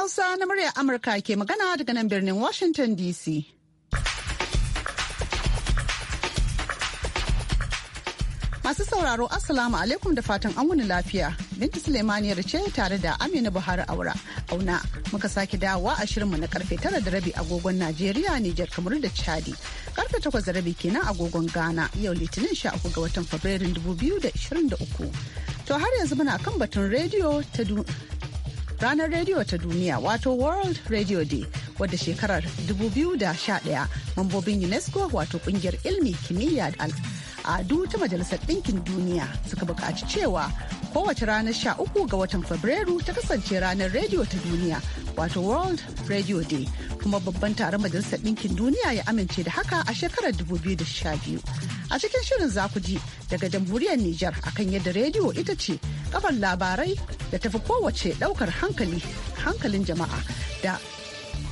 Hausa na muryar Amurka ke magana daga nan birnin Washington DC. Masu sauraro Assalamu alaikum da fatan an wuni lafiya. Binta Suleimaniyar ce tare da Aminu Buhari Aura. Auna muka sake dawowa a shirinmu na karfe tara da rabi agogon Najeriya, Nijar, kamar da Chadi. Karfe takwas da rabi kenan agogon Ghana yau Litinin sha uku ga watan Fabrairun 2023. To har yanzu muna kan batun rediyo ta ranar rediyo ta duniya wato World Radio Day wadda shekarar 2011 mambobin UNESCO wato kungiyar ilmi kimiyya da al'adu ta Majalisar Ɗinkin Duniya suka bukaci cewa kowace ranar 13 ga watan Fabrairu ta kasance ranar rediyo ta duniya wato World Radio Day kuma babban taron Majalisar Ɗinkin Duniya ya amince da haka a shekarar 2012. A cikin shirin zakuji daga jamhuriyar Nijar akan yadda rediyo ita ce kafar labarai da tafi kowace daukar hankali hankalin jama'a da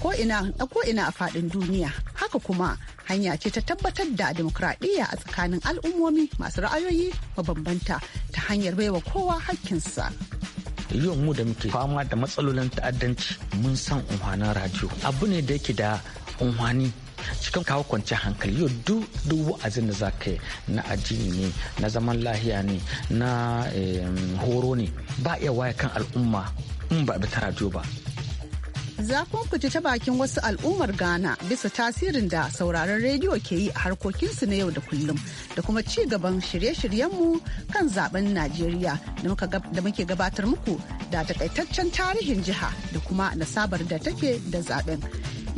ko'ina a faɗin duniya haka kuma hanya ce ta tabbatar da demokradiyya a tsakanin al'ummomi masu ra'ayoyi mabambanta ta hanyar baiwa kowa hakkinsa. yau mu da muke fama da matsalolin ta'addanci mun san umarnin radio abu ne da yake da umarni cikin kawo kwanci hankali yau duk wa'azin da za ka yi na addini ne na zaman lahiya ne na horo ne ba iya waya kan al'umma in ba bi ta radio ba za ku ta bakin wasu al'ummar Ghana bisa tasirin da sauraron rediyo ke yi a harkokinsu na yau da kullum da kuma ci gaban shirye-shiryenmu kan zaben Najeriya da muke gabatar muku da takaitaccen tarihin jiha da kuma nasabar da take da zaben.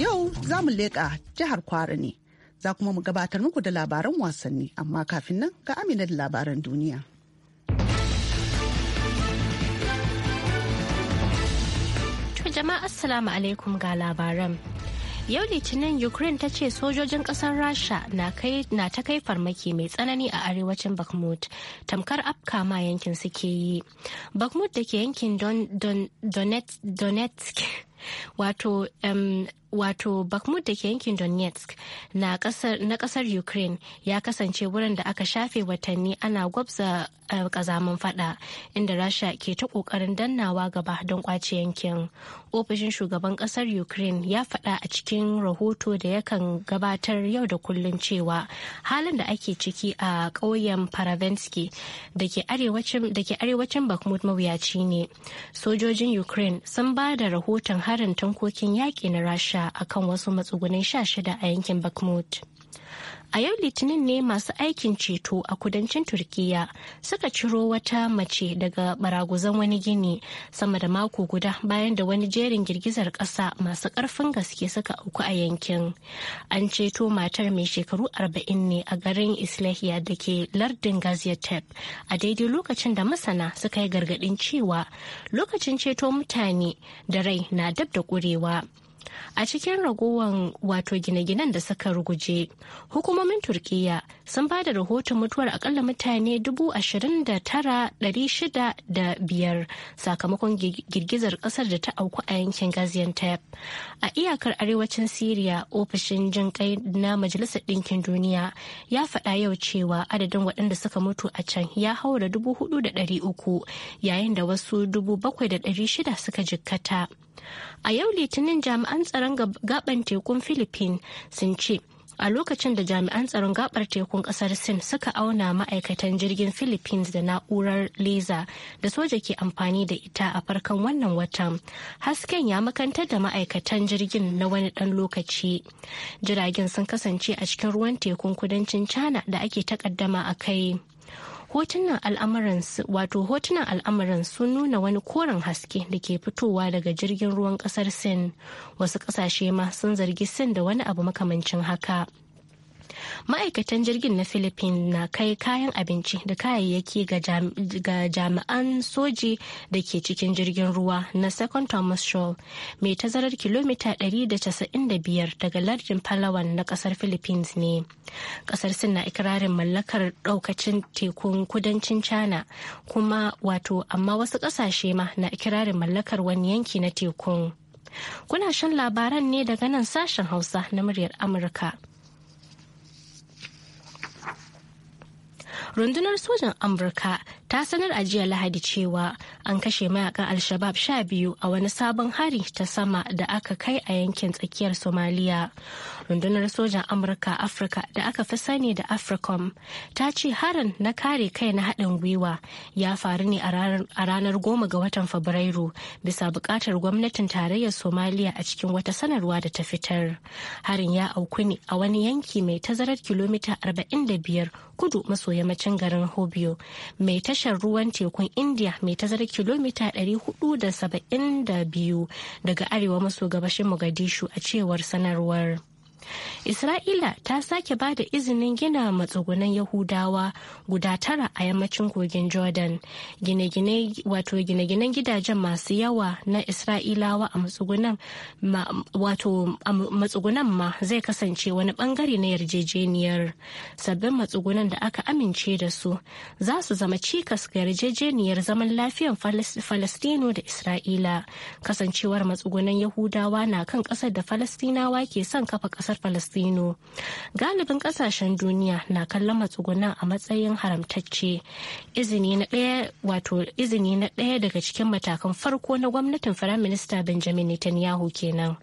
Yau za mu leƙa jihar Kwara ne, za kuma mu gabatar muku da labaran wasanni, amma kafin nan ga amina da labaran duniya. jama'a assalamu alaikum ga labaran yau litinin ukraine ta ce sojojin kasar rasha na ta kai farmaki mai tsanani a arewacin bakhmut tamkar afka ma yankin suke yi bakhmut da ke yankin donetsk wato wato Bakhmut da ke yankin Donetsk na kasar Ukraine ya kasance wurin da aka shafe watanni ana gwabza eh, kazamin fada inda Rasha ke ta kokarin dannawa gaba don kwace yankin. Ofishin shugaban kasar Ukraine ya fada a cikin rahoto da yakan gabatar yau da kullun cewa halin da ake ciki a ƙauyen Paravensky da ke arewacin Bakhmut mawuyaci ne. Sojojin Ukraine sun ba da rahoton harin tankokin yaƙi na Rasha a akan wasu matsugunan sha shida a yankin bakhmut a yau litinin ne masu aikin ceto a kudancin turkiya suka ciro wata mace daga baraguzan wani gini sama da mako guda bayan da wani jerin girgizar kasa masu karfin gaske suka auku a yankin an ceto matar mai shekaru 40 ne a garin islahiya da ke lardin gaziantep a daidai lokacin da masana suka yi gargadin cewa lokacin ceto mutane da rai na dab da kurewa a cikin ragowar wato gine-ginen da suka ruguje hukumomin Turkiyya. sun ba da rahoton mutuwar akalla mutane dubu ashirin da da biyar sakamakon girgizar ƙasar da ta auku a yankin gaziantep a iyakar arewacin syria ofishin jin kai na majalisar ɗinkin duniya ya faɗa yau cewa adadin waɗanda suka mutu a can ya haura dubu hudu da yayin da wasu dubu bakwai suka jikkata A yau Litinin jami'an tsaron gaban tekun Philippines sun ce a lokacin da jami'an tsaron gabar tekun kasar sin suka auna ma'aikatan jirgin philippines da na'urar laser da soja ke amfani da ita a farkon wannan watan hasken ya makantar da ma'aikatan jirgin na wani dan lokaci jiragen sun kasance a cikin ruwan tekun kudancin china da ake takaddama a kai hotunan al'amuran wato hotunan al'amuran sun nuna wani koren haske da ke fitowa daga jirgin ruwan kasar sin wasu kasashe ma sun zargi sin da wani abu makamancin haka ma'aikatan jirgin na philippines na kai kayan abinci da kayayyaki ga jami'an soji da ke cikin jirgin ruwa na second thomas Shoal mai tazarar kilomita 195 daga lardin palawan na kasar philippines ne kasar sin na ikirarin mallakar daukacin tekun kudancin china kuma wato amma wasu kasashe ma na ikirarin mallakar wani yanki na tekun kuna shan labaran ne daga nan sashen hausa na muryar amurka rundunar sojan amurka ta sanar a jiya lahadi cewa an kashe mayakan alshabab sha biyu a wani sabon hari ta sama da aka kai a yankin tsakiyar somaliya rundunar sojan amurka afirka da aka fi sani da africom ta ce harin na kare kai na haɗin gwiwa ya faru ne a ranar goma ga watan fabrairu bisa buƙatar gwamnatin tarayyar somaliya a cikin wata sanarwa da ta fitar harin ya auku ne a wani yanki mai tazarar kilomita 45 kudu maso yammacin garin hobio mai tashar ruwan tekun india mai tazarar kilomita 472 daga arewa maso gabashin mogadishu a cewar sanarwar Isra'ila ta sake ba da izinin gina matsugunan Yahudawa guda tara a yammacin kogin Jordan. Gine-gine wato ginen gidajen masu yawa na Isra'ilawa a matsugunan ma, wato matsugunan ma zai kasance wani bangare na yarjejeniyar. Sabbin matsugunan da aka amince da su za su zama cikas ga yarjejeniyar zaman lafiyan Falastino da Isra'ila. Kasancewar matsugunan Yahudawa na kan ƙasar da Falastinawa ke son kafa ƙasar kasar Falastinu. Galibin kasashen duniya na kallon matsuguna a matsayin haramtacce. Izini na ɗaya daga cikin matakan farko na gwamnatin Firaminista Benjamin Netanyahu kenan.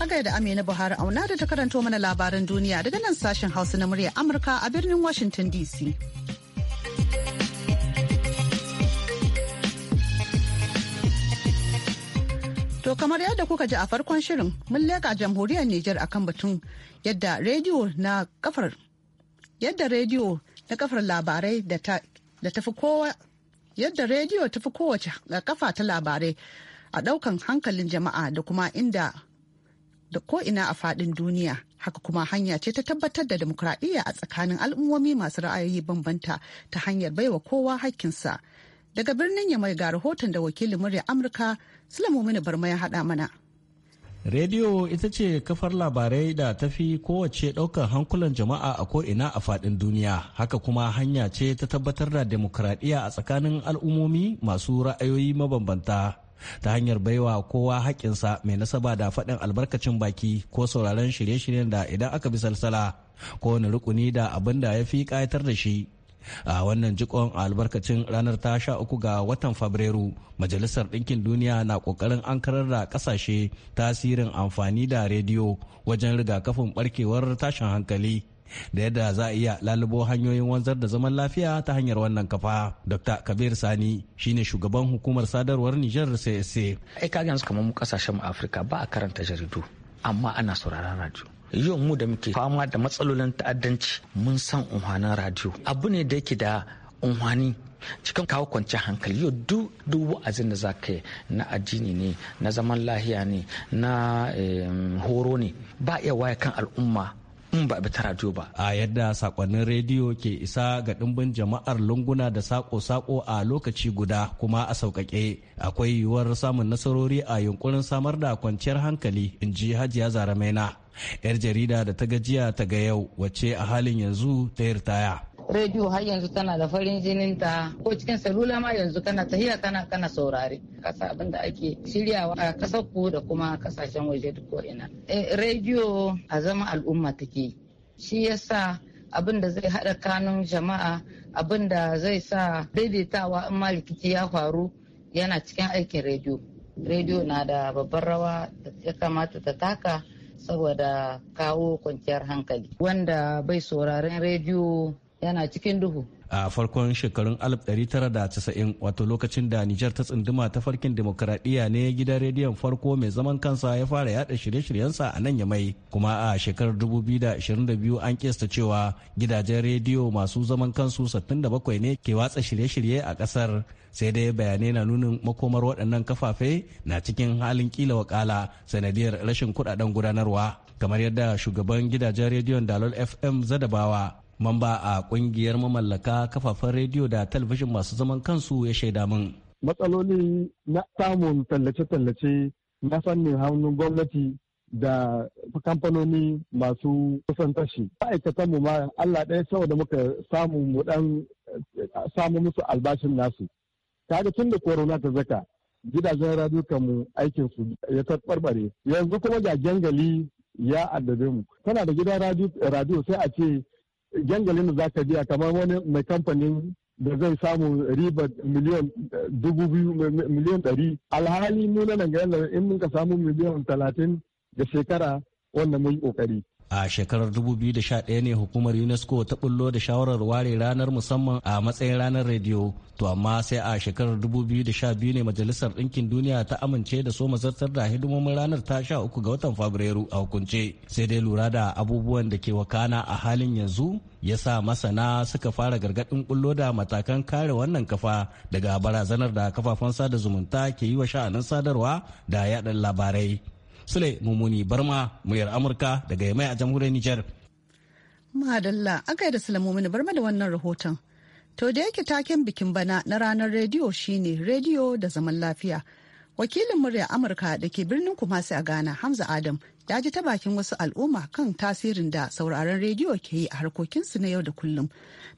Agai da Amina Buhari auna da ta karanto mana labaran duniya daga nan sashen Hausa na murya Amurka a birnin Washington DC. kamar yadda kuka ji a farkon shirin mun leƙa jamhuriyar Nijar akan batun yadda rediyo na kafar yadda rediyo na kafar labarai da ta fi kowa yadda rediyo ta fi kowace kafa ta labarai a ɗaukan hankalin jama'a da kuma inda da ko ina a fadin duniya haka kuma hanya ce ta tabbatar da demokradiyya a tsakanin al'ummomi masu ra'ayoyi bambanta ta hanyar baiwa kowa hakkinsa. Daga birnin Yamai ga rahoton da wakilin murya Amurka sulamu Mini Barma ya haɗa mana. Rediyo ita ce kafar labarai da ta fi kowace ɗaukar hankulan jama'a a ko'ina a faɗin duniya, haka kuma hanya ce ta tabbatar da demokuraɗiyya a tsakanin al'ummomi masu ra'ayoyi mabambanta. ta hanyar baiwa kowa haƙƙinsa mai nasaba da faɗin albarkacin baki ko sauraron shirye-shiryen da idan aka bi salsala kowane rukuni da abin da ya fi ƙayatar da shi a wannan jikon albarkacin ranar ta sha uku ga watan fabrairu majalisar ɗinkin duniya na ƙoƙarin ankarar da ƙasashe tasirin amfani da rediyo wajen rigakafin ɓarkewar tashin hankali da yadda za a iya lalubo hanyoyin wanzar da zaman lafiya ta hanyar wannan kafa dr kabir sani shine shugaban hukumar sadarwar nijar csa ai kaga yanzu kamar mu kasashen afirka ba a karanta jaridu amma ana sauraron radio yau mu da muke fama da matsalolin ta'addanci mun san unhwanin radio abu ne da yake da unhwani cikin kawo kwanci hankali yau duk wa'azin da za ka yi na addini ne na zaman lahiya ne na horo ne ba iya waya kan al'umma ba bi ta radio ba a yadda sakonnin rediyo ke isa ga dimbin jama'ar lunguna da sako-sako a lokaci guda kuma a sauƙaƙe akwai yiwuwar samun nasarori a yunkurin samar da kwanciyar hankali in ji hajiya zaramaina yar jarida da ta gajiya ta ga yau wacce a halin yanzu ta yi ritaya rediyo har yanzu tana da farin jinin ta ko cikin salula ma yanzu kana tahiya kana kana saurare kasa abin da ake shiryawa a kasar ku da kuma kasashen waje duk ko ina eh, rediyo a zama al'umma take shi yasa abin da zai haɗa kanun jama'a abin da zai sa daidaitawa in ma rikici ya faru yana cikin aikin rediyo rediyo na da babbar rawa da ya kamata ta taka saboda kawo kwanciyar hankali wanda bai sauraren rediyo yana cikin duhu a farkon shekarun 1990 wato lokacin da Nijar ta tsunduma ta farkin demokuraɗiyya ne gidan rediyon farko mai zaman kansa ya fara yada shirye-shiryensa a nan yamai kuma a shekarar 2022 an kesta cewa gidajen rediyo masu zaman kansu 67 ne ke watsa shirye-shirye a ƙasar sai dai bayanai na nunin makomar waɗannan kafafe na cikin halin kila wakala sanadiyar rashin kuɗaɗen gudanarwa kamar yadda shugaban gidajen rediyon dalol fm zadabawa mamba a kungiyar mamallaka kafafen rediyo da talabijin masu zaman kansu ya shaida min. matsaloli na samun tallace-tallace na fannin hannun gwamnati da kamfanoni masu kusantashi ma'aikatan mu ma allah ɗaya saboda muka samu mu dan eh, samu musu albashin nasu kaga tun da korona ta zaka gidajen radiyo mu aikin su ya tabbarbare yanzu kuma ga jangali ya addabe mu tana da gidan radiyo sai a ce jangalin da za ka biya kamar wani mai kamfanin da zai samu ribar miliyan eh, dubu biyu miliyan ɗari alhali mu na nan in muka samu miliyan talatin da shekara wannan mun yi ƙoƙari a shekarar 2011 ne hukumar unesco ta bullo da shawarar ware ranar musamman a matsayin ranar rediyo to amma sai a shekarar 2012 ne majalisar ɗinkin duniya ta amince da so mazartar da hidimomin ranar ta sha uku ga watan fabrairu a hukunce sai dai lura da abubuwan da ke wakana a halin yanzu ya sa masana suka fara gargaɗin bullo da matakan kare wannan kafa daga barazanar da kafafen sada zumunta ke yi wa sha'anin sadarwa da yaɗa labarai Sule Mumuni Barma muryar Amurka daga Yamai a jamhuriyar Nijar. Madalla aka yi da Sule Mumuni Barma da wannan rahoton. To da yake taken bikin bana na ranar rediyo shine rediyo da zaman lafiya. Wakilin muryar Amurka da ke birnin Kumasi a Ghana Hamza Adam ya ji ta bakin wasu al'umma kan tasirin da sauraron rediyo ke yi a harkokinsu na yau da kullum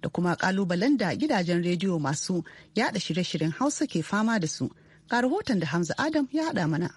da kuma kalubalen da gidajen rediyo masu yada shirye-shiryen Hausa ke fama da su. Ga rahoton da Hamza Adam ya haɗa mana.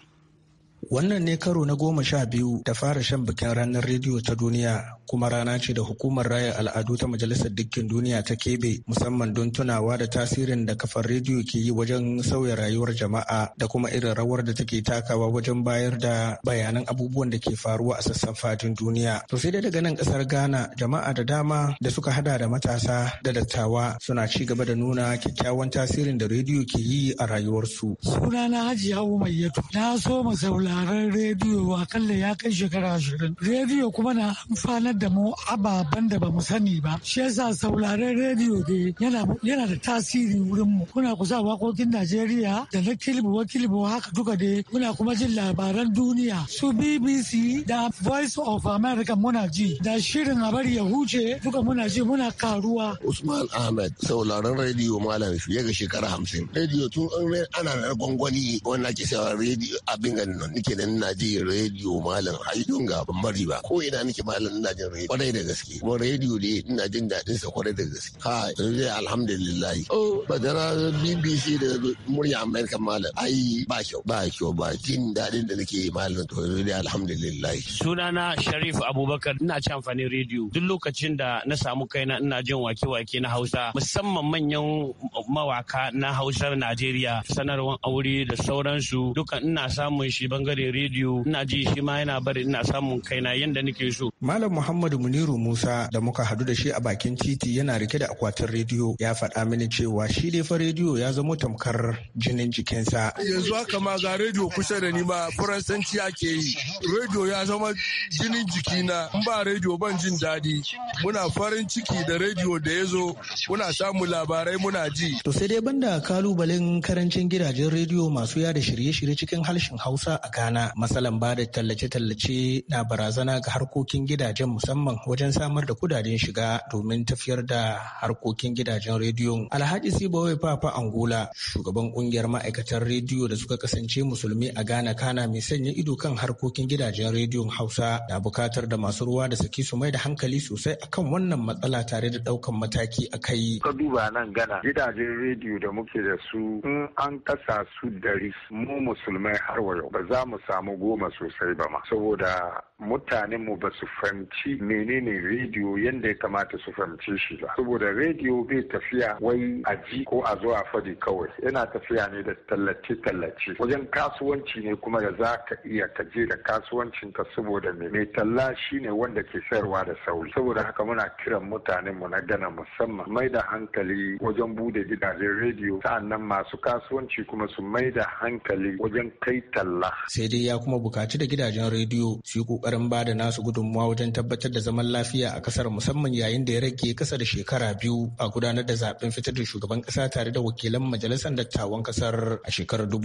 Wannan ne karo na goma sha biyu da fara shan bikin ranar rediyo ta duniya kuma rana ce da hukumar raya al'adu ta Majalisar Dukkin Duniya ta kebe musamman don tunawa da tasirin da kafar rediyo ke yi wajen sauya rayuwar jama'a da kuma irin rawar da take takawa wajen bayar da bayanan abubuwan da ke faruwa a sassan fadin duniya. To sai dai daga nan kasar Ghana jama'a da dama da suka hada da matasa da dattawa suna ci gaba da nuna kyakkyawan tasirin da rediyo ke yi a rayuwarsu. Sunana Hajiya Umayyatu na so mu zaula sauraron rediyo akalla ya kai shekara ashirin. Rediyo kuma na amfanar da mu ababen da ba mu sani ba. Shi yasa sauraron rediyo dai yana da tasiri wurin mu. Kuna kusa wakokin Najeriya da na kilbuwa kilbuwa haka duka dai muna kuma jin labaran duniya su BBC da Voice of America muna ji da shirin a bari ya huce duka muna ji muna karuwa. Usman Ahmed sauraron rediyo malam fiye ga shekara hamsin. Rediyo tun ana na gwangwani wannan ke sauraron rediyo abin ganin nake nan na ji rediyo malam ayyun ga ban bari ba ko ina nake malam ina jin rediyo kwarai da gaske kuma rediyo ne ina jin dadin sa kwarai da gaske ha yanzu alhamdulillah oh badara BBC da murya America malam ai ba kyau ba kyau ba jin daɗin da nake malam to yanzu dai alhamdulillah sunana Sharif Abubakar ina ci amfani rediyo duk lokacin da na samu kaina ina jin wake-wake na Hausa musamman manyan mawaka na Hausar Najeriya sanarwan aure da sauransu dukan ina samun shi bangare bangaren rediyo ina ji shi ma yana bari ina samun kaina yanda nake so. Malam Muhammadu Muniru Musa da muka hadu da shi a bakin titi yana rike da akwatin rediyo ya faɗa mini cewa shi dai fa rediyo ya zama tamkar jinin jikinsa. Yanzu haka ma ga rediyo kusa da ni ma faransanci ake yi. Rediyo ya zama jinin jikina in ba rediyo ban jin daɗi. Muna farin ciki da rediyo da ya zo muna samun labarai muna ji. To sai dai banda kalubalen karancin gidajen rediyo masu yada shirye-shirye cikin harshen Hausa a Kana matsalan ba da tallace-tallace na barazana ga harkokin gidajen musamman wajen samar da kudaden shiga domin tafiyar da harkokin gidajen rediyo. Alhaji Sibawai Papa Angola shugaban kungiyar ma'aikatan rediyo da suka kasance musulmi a Ghana Kana mai sanya ido kan harkokin gidajen rediyo Hausa na bukatar da masu ruwa da saki su mai da hankali sosai akan wannan matsala tare da ɗaukan mataki a kai. Ka duba nan gana. gidajen rediyo da muke da su in an kasa su dari mu musulmai har wayo ba za mu samu goma sosai ba ma saboda mutanen mu ba su fahimci menene rediyo yadda ya kamata su fahimci shi ba saboda rediyo bai tafiya wai a ji ko a zo a fadi kawai yana tafiya ne da tallace tallace wajen kasuwanci ne kuma da za ka iya ka je da kasuwancin ka saboda me mai talla shine wanda ke sayarwa da sauri saboda haka muna kiran mutanen mu na gana musamman mai da hankali wajen bude gidajen rediyo sa'annan masu kasuwanci kuma su mai da hankali wajen kai talla sai dai ya kuma bukaci da gidajen rediyo su yi kokarin ba da nasu gudunmuwa wajen tabbatar da zaman lafiya a kasar musamman yayin da ya rage kasa da shekara biyu a gudanar da zaben fitar da shugaban kasa tare da wakilan majalisar dattawan kasar a shekarar da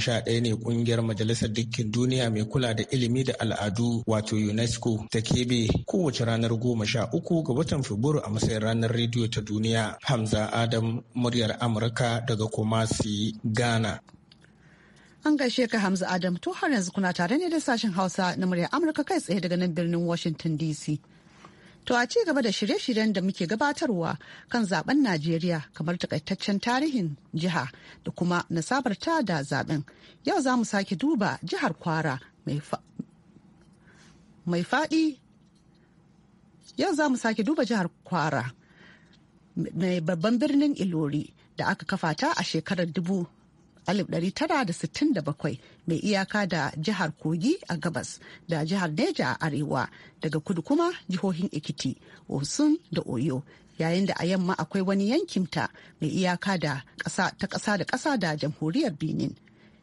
sha 2011 ne kungiyar majalisar dukkin duniya mai kula da ilimi da al'adu wato UNESCO ta kebe kowace ranar goma sha uku ga watan Fabrairu a matsayin ranar rediyo ta duniya. Hamza Adam muryar Amurka daga Kumasi, Ghana. An gaishe ka Hamza Adam to har yanzu kuna tare ne da sashen Hausa na muryar Amurka kai tsaye daga nan birnin Washington DC. To a ci gaba da shirye-shiryen da muke gabatarwa kan zaben Najeriya kamar takaitaccen tarihin jiha da kuma nasabarta da zaben. Yau za mu sake duba jihar Kwara mai faɗi. Yau za mu sake duba jihar Kwara mai babban birnin Ilori da aka kafa ta a shekarar dubu 1967 mai iyaka da jihar kogi a gabas da jihar neja a arewa daga kudu kuma jihohin ekiti osun da oyo yayin da a yamma akwai wani yankin ta mai iyaka da ta ƙasa da ƙasa da jamhuriyar benin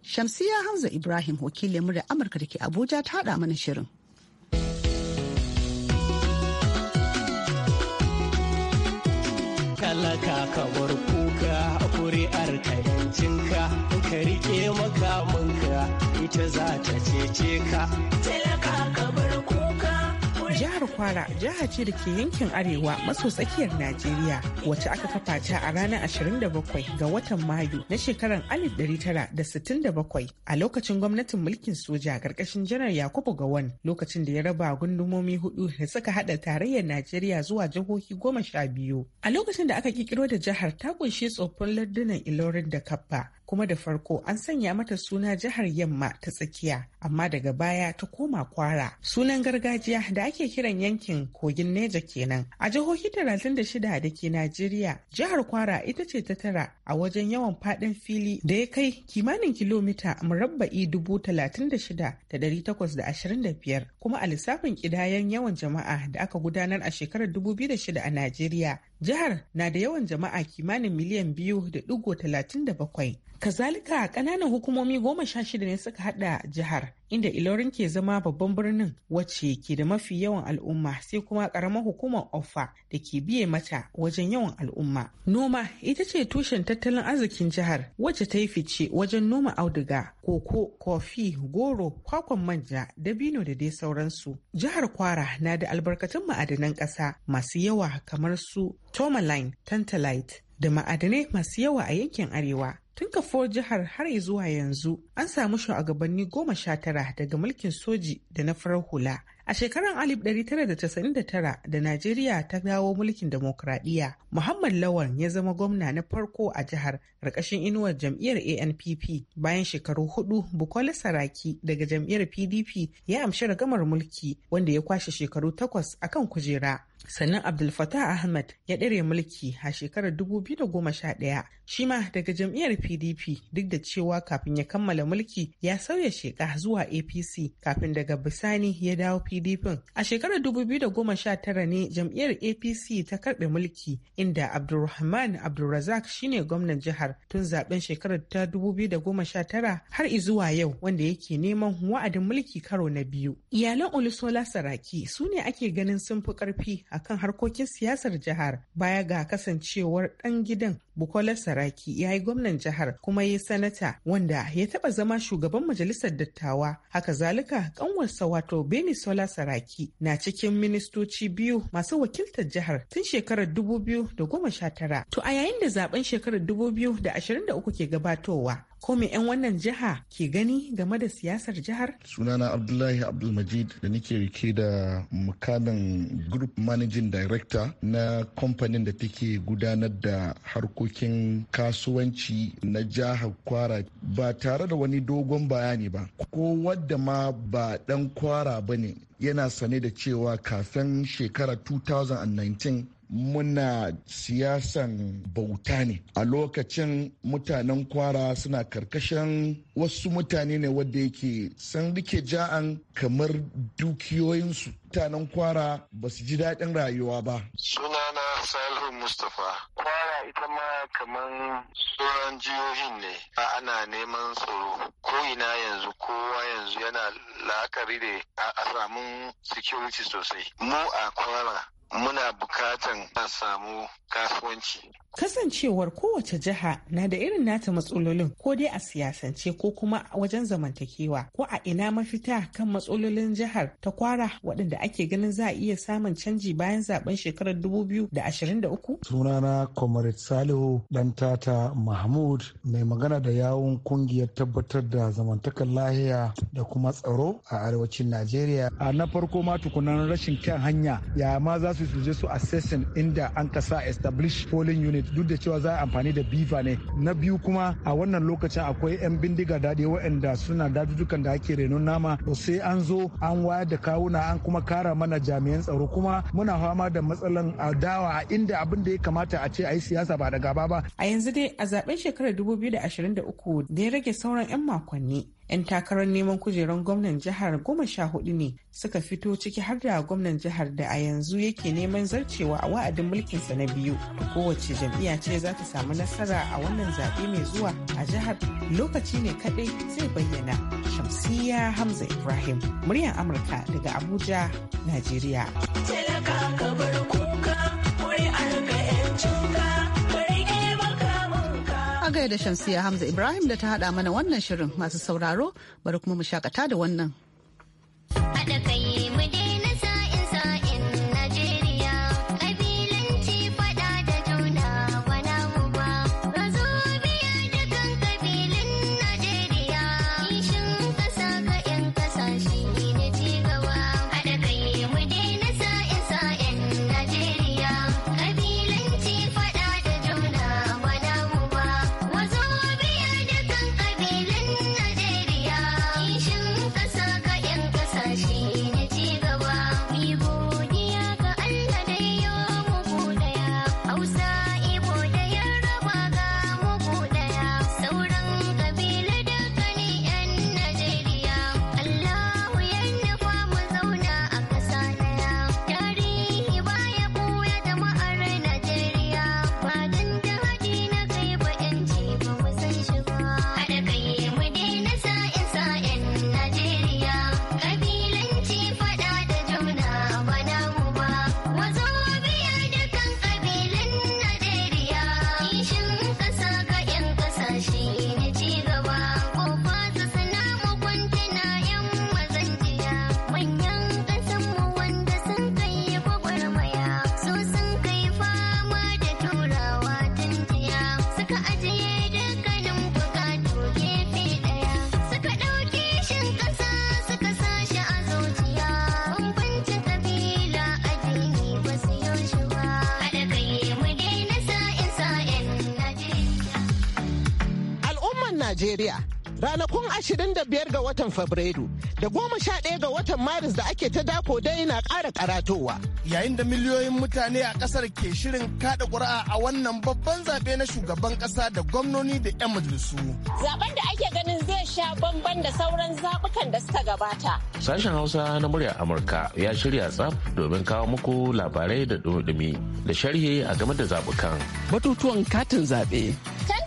shamsiya hamza ibrahim wakilin murya amurka da ke abuja ta hada mana shirin talaka ka kuka kuri'ar ka ka rike ita za ta cece ka talaka ka bar kuka jihar kwara jiha ce da ke yankin arewa maso tsakiyar najeriya wacce aka kafa ta a ranar 27 ga watan mayu na shekarar 1967 a lokacin gwamnatin mulkin soja karkashin janar yakubu gawan lokacin da ya raba gundumomi hudu da suka hada tarayyar najeriya zuwa jihohi goma sha biyu a lokacin da aka kikiro da jihar ta kunshi tsoffin lardunan ilorin da kappa kuma da farko an sanya mata suna jihar Yamma ta tsakiya amma daga baya ta koma kwara. Sunan gargajiya da ake kiran yankin kogin Neja kenan. A jihohi 36 da ke Najeriya, jihar kwara ita ce ta tara a wajen yawan faɗin fili da ya kai kimanin kilomita murabba'i 36,825 kuma a lissafin ƙidayen yawan jama'a da aka gudanar a shekarar 2006 a Najeriya Jihar na da yawan jama'a kimanin miliyan biyu da digo talatin da bakwai. Kazalika ƙananan hukumomi goma sha shida ne suka hada jihar inda ilorin ke zama babban birnin wacce ke da mafi yawan al'umma sai kuma karamar hukumar ofa da ke biye mata wajen yawan al'umma noma ita ce tushen tattalin arzikin jihar wacce ta yi fice wajen noma auduga koko kofi goro kwakwan manja dabino da dai sauransu jihar kwara na da albarkatun ma'adanan ƙasa masu yawa kamar su tourmaline tantalite da ma'adanai masu yawa a yankin arewa Tun kafuwar jihar har zuwa yanzu an samu shugabanni goma sha tara daga mulkin soji da na farar hula. A shekarar 1999 da Najeriya ta dawo mulkin demokradiyya, Muhammad Lawan ya zama gwamna na farko a jihar ƙarƙashin inuwar jam'iyyar ANPP bayan shekaru hudu Bukola Saraki daga jam'iyyar PDP ya amshi ragamar mulki wanda ya kwashe shekaru takwas akan kujera. sannan abdul fatah ahmad ya ɗare mulki a shekarar 2011 shi ma daga jam'iyyar pdp duk da cewa kafin ya kammala mulki ya sauya sheka zuwa apc kafin daga bisani ya dawo pdp a shekarar 2019 ne jam'iyyar apc ta karɓe mulki inda abdulrahman abdulrazak shine gwamnan jihar tun zaben shekarar ta 2019 har izuwa yau wanda yake neman wa'adin mulki karo na biyu iyalan olusola saraki su ne ake ganin sun fi ƙarfi a kan harkokin siyasar jihar baya ga kasancewar ɗan gidan Bukola Saraki ya yi gwamnan jihar kuma ya yi sanata wanda ya taɓa zama shugaban majalisar dattawa. Haka zalika kanwarsa wato Beni Sola Saraki na cikin ministoci biyu masu wakiltar jihar tun shekarar 2019. To a yayin da zaben shekarar 2023 ke gabatowa ko me 'yan wannan jiha ke gani game da siyasar jihar? Sunana Abdullahi Abdulmajid da nake rike da mukamin Group Managing Director na kamfanin da take gudanar da harkokin kasuwanci na jihar Kwara ba tare da wani dogon bayani ba. Ko wadda ma ba dan Kwara ba ne yana sane da cewa kafin shekara 2019 muna siyasan bauta ne a lokacin mutanen kwara suna karkashin wasu mutane ne wadda yake san rike ja'an kamar dukiyoyinsu mutanen kwara ba su ji daɗin rayuwa ba sunana salihu mustapha kwara ita ma kamar sauran jihohin ne a ana neman tsoro ko ina yanzu kowa yanzu yana la'akari da a samun security sosai mu a kwara muna bukatan a samu kasuwanci. Kasancewar kowace jiha na da irin nata matsalolin ko dai a siyasance ko kuma a wajen zamantakewa ko a ina mafita kan matsalolin jihar ta kwara waɗanda ake ganin za a iya samun canji bayan zaben shekarar 2023? Sunana Comrade Salihu ɗan tata Mahmud mai magana da yawun kungiyar tabbatar da zamantakar lahiya da kuma tsaro a arewacin Najeriya. A na farko ma tukunan rashin kyan hanya ya ma za su su je su assessing inda an kasa establish polling unit duk da cewa za a amfani da biva ne na biyu kuma a wannan lokacin akwai 'yan bindiga daɗi waɗanda suna dadudukan da ake renon nama to sai an zo an wayar da kawuna an kuma kara mana jami'an tsaro kuma muna fama da matsalan adawa a inda abin da ya kamata a ce a yi siyasa ba da gaba ba a yanzu dai a zaben shekarar 2023 da ya rage sauran 'yan makonni 'yan takarar neman kujerar gwamnan jihar goma sha hudu ne suka fito ciki har da gwamnan jihar da a yanzu yake neman zarcewa a wa'adin mulkinsa na biyu kowace jam'iyya ce za ta samu nasara a wannan zaɓe mai zuwa a jihar lokaci ne kaɗai zai bayyana shamsiya hamza ibrahim muryar amurka daga abuja najeriya da Shamsiya Hamza Ibrahim da ta haɗa mana wannan shirin masu sauraro bari kuma mu shakata da wannan. Haɗa kai mu dai. Najeriya. Ranakun 25 ga watan Fabrairu da 11 ga watan Maris da ake ta dako dai na ƙara karatowa. Yayin da miliyoyin mutane a ƙasar ke shirin kada ƙuri'a a wannan babban zaɓe na shugaban ƙasa da gwamnoni da 'yan majalisu. Zaben da ake ganin zai sha bamban da sauran zabukan da suka gabata. Sashen Hausa na murya Amurka ya shirya tsaf domin kawo muku labarai da dumi da sharhi a game da zaɓukan. Batutuwan katin zaɓe.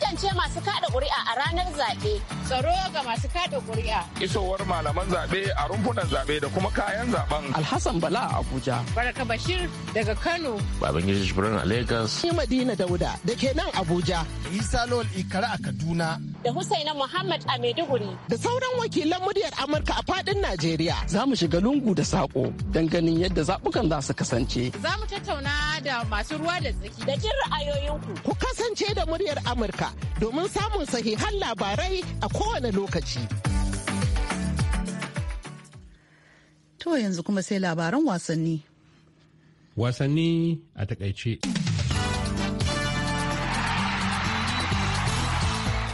kasance masu kada ƙuri'a a ranar zaɓe. Tsaro ga masu kada kuri'a Isowar malaman zaɓe a rumfunan zaɓe da kuma kayan zaɓen. Alhassan Bala a Abuja. Baraka Bashir daga Kano. Babangida Jibrin a Lagos. Ni Madina Dauda da ke nan Abuja. Isa Lol Ikara a Kaduna. Da Husaina Muhammad a Maiduguri. Da sauran wakilan muryar Amurka a faɗin Najeriya. Za mu shiga lungu da saƙo don yadda zaɓukan za su kasance. Za mu tattauna da masu ruwa da tsaki. Da jin ra'ayoyinku. Ku kasance da muryar Amurka domin samun sahihan labarai a kowane lokaci. To yanzu kuma sai labaran wasanni. Wasanni a takaice.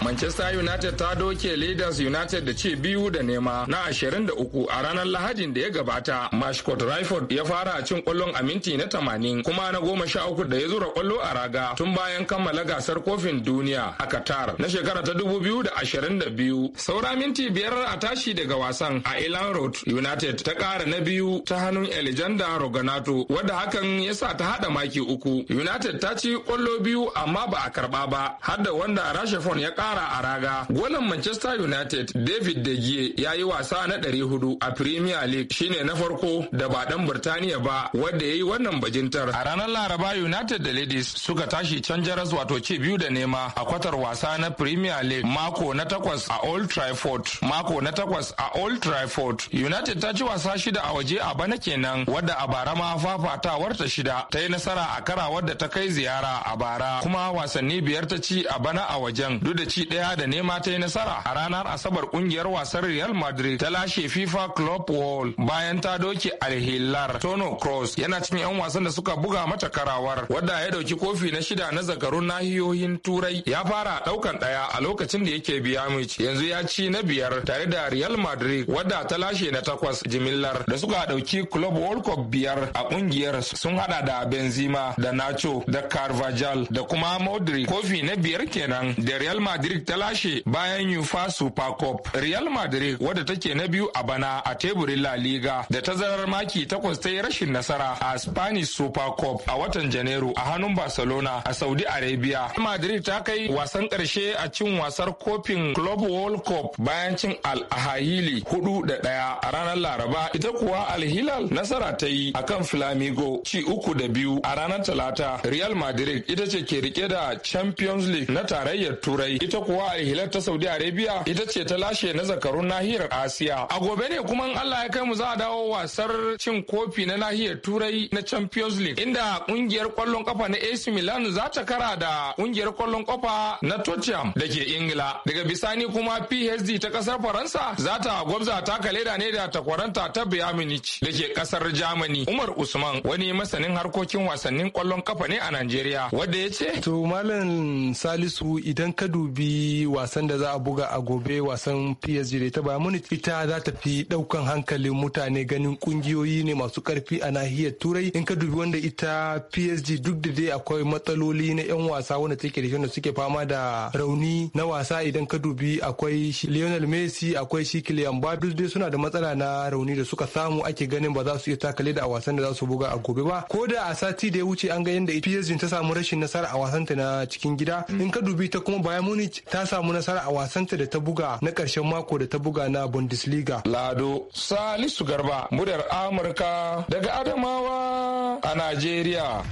manchester united ta doke leaders united da ce biyu da nema na 23 a ranar lahadin da ya gabata mashcot ryford ya fara a cin kwallon a minti na 80 kuma na goma sha uku da ya zura kwallo a raga tun bayan kammala gasar kofin duniya a qatar na shekara ta 2022 saura minti biyar a tashi daga wasan a elan road united ta kara na biyu ta hannun alexander roganato wadda hakan ya sa ta hada maki uku united ta ci kwallo biyu amma ba a karba ba har da wanda rashafon ya kara zara a raga golan manchester united david de Gea ya yi wasa na ɗari hudu a premier league shine na farko da ba dan birtaniya ba wadda ya yi wannan bajintar a ranar laraba united da ladies suka tashi can jaras wato ce biyu da nema a kwatar wasa na premier league mako na takwas a old trafford mako na takwas a old trafford united ta ci wasa shida a waje a bana kenan wadda a bara ma fafatawar ta shida ta yi nasara a kara wadda ta kai ziyara a bara kuma wasanni biyar ta ci a bana a wajen duk da ci daya ɗaya da nema ta yi nasara a ranar Asabar kungiyar wasan Real Madrid ta lashe FIFA Club wall bayan ta doke Alhilar, Tono Cross yana cikin 'yan wasan da suka buga mata karawar wadda ya dauki kofi na shida na zakarun nahiyoyin Turai ya fara daukan ɗaya a lokacin da yake biya mici yanzu ya ci na biyar tare da Real Madrid wadda ta lashe na takwas jimillar da suka dauki Club World Cup biyar a kungiyar sun hada da Benzema da Nacho da Carvajal da kuma Modric kofi na biyar kenan da Real Madrid madrid ta lashe bayan UEFA Super Cup. Real Madrid wadda take na biyu a bana a teburin La Liga da zarar maki takwas ta yi rashin nasara a Spanish Super Cup a watan Janairu a hannun Barcelona a Saudi Arabia. Madrid ta kai wasan karshe a cin wasar kofin Club World Cup bayan cin Al Ahili hudu da ɗaya a ranar Laraba ita kuwa Al Hilal nasara ta yi a kan Flamigo ci uku da biyu a ranar Talata. Real Madrid ita ce ke rike da Champions League na tarayyar Turai ita kuwa alhilar ta saudi arabia ita ce ta lashe na zakarun nahiyar asiya a gobe ne kuma allah ya kai mu za a dawo wasar cin kofi na nahiyar turai na champions league inda kungiyar kwallon kafa na ac milan za ta kara da kungiyar kwallon kafa na tottenham da ke ingila daga bisani kuma psd ta kasar faransa za ta gwabza taka leda ne da takwaranta ta bayern munich da ke kasar germany umar usman wani masanin harkokin wasannin kwallon kafa ne a najeriya wanda ya ce to malam salisu idan ka dubi wasan da za a buga a gobe wasan PSG da ta Bayern Munich ita za ta fi daukan hankalin mutane ganin kungiyoyi ne masu karfi a nahiyar Turai in ka dubi wanda ita PSG duk da dai akwai matsaloli na 'yan wasa wanda take da suke fama da rauni na wasa idan ka dubi akwai shi Lionel Messi akwai shi Kylian Mbappe dai suna da matsala na rauni da suka samu ake ganin ba za su iya takale da a wasan da za su buga a gobe ba ko da a sati da ya wuce an ga yadda PSG ta samu rashin nasara a wasanta na cikin gida in ka dubi ta kuma Bayern Munich ta samu nasara a wasanta da ta buga na ƙarshen mako da ta buga na Bundesliga. Lado Salisu Garba, muryar Amurka daga Adamawa a Najeriya.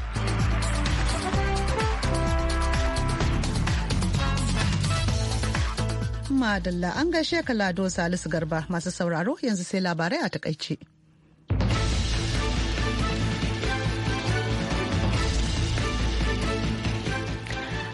Madalla an gaishe ka Lado Salisu Garba masu sauraro yanzu sai labarai a takaice.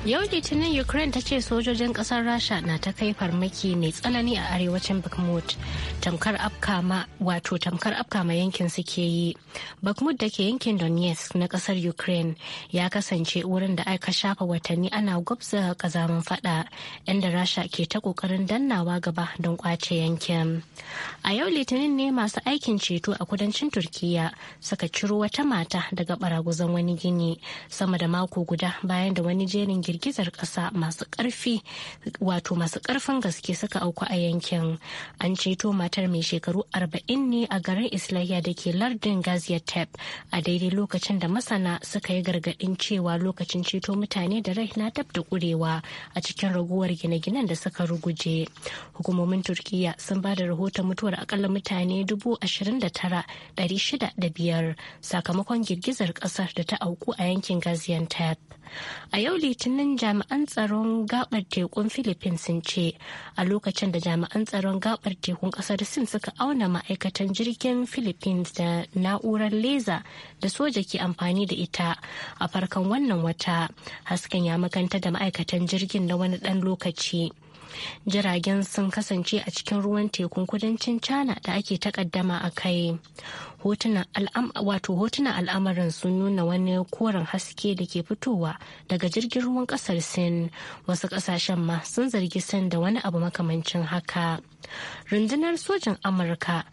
Yau Litinin Ukraine ta ce sojojin kasar Rasha na ta kai farmaki mai tsanani a arewacin Bakhmut tamkar afkama wato tamkar afkama yankin suke yi. Bakhmut da ke yankin Donetsk na kasar Ukraine ya kasance wurin da aka shafa watanni ana gwabza kazamin fada inda Rasha ke ta kokarin dannawa gaba don kwace yankin. A yau Litinin ne masu aikin ceto a kudancin Turkiya suka ciro wata mata daga baraguzan wani gini sama da mako guda bayan da wani jerin girki girgizar ƙasa masu karfi wato masu ƙarfin gaske suka auku a yankin an ceto matar mai shekaru 40 ne a garin islahiya da ke lardin gaziantep a daidai lokacin da masana suka yi gargaɗin cewa lokacin ceto mutane da rai na dab da ƙurewa a cikin raguwar gine-ginen da suka ruguje hukumomin turkiya sun ba da rahoton mutuwar akalla mutane biyar sakamakon girgizar kasar da ta auku a yankin gaziantep a yau litinin sannan jami'an tsaron gabar tekun philippines sun ce a lokacin da jami'an tsaron gabar tekun kasar sin suka auna ma'aikatan jirgin philippines da na'urar leza da soja ke amfani da ita a farkon wannan wata hasken ya makanta da ma'aikatan jirgin na wani ɗan lokaci jiragen sun kasance a cikin ruwan tekun kudancin china da ake takaddama a kai wato hotunan al'amarin sun nuna wani koren haske da ke fitowa daga jirgin ruwan kasar sin wasu kasashen ma sun zargi sin da wani abu makamancin haka rundunar sojin amurka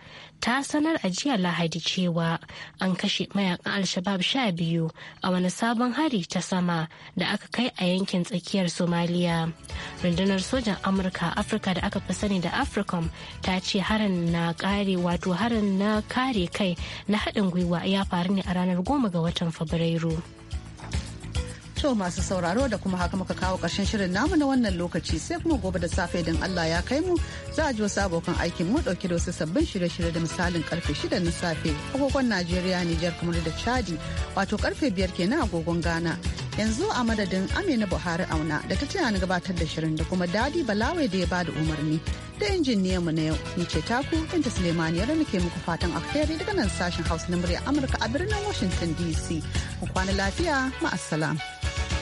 ta sanar a jiya lahadi cewa an kashe mayakan alshabab sha biyu a wani sabon hari ta sama da aka kai a yankin tsakiyar somaliya rundunar sojan amurka afirka da aka fi sani da africom ta ce harin na kare wato harin na kare kai na haɗin gwiwa ya faru ne a ranar goma ga watan fabrairu To masu sauraro da kuma haka muka kawo ƙarshen shirin namu na wannan lokaci sai kuma gobe da safe idan Allah ya kai mu za a ji wasu abokan aikin mu ɗauki da wasu sabbin shirye-shirye da misalin karfe 6 na safe agogon Najeriya Nijar kamar da Chadi wato karfe 5 kenan agogon Ghana. yanzu a madadin amina buhari auna da ta tuna gabatar da shirin da kuma dadi balawe da ya bada umarni da injiniyan mu na yau ni ce taku binta sulemani yadda muke muku fatan alheri daga nan sashen hausa na murya amurka a birnin washington dc mu kwana lafiya ma'assalam.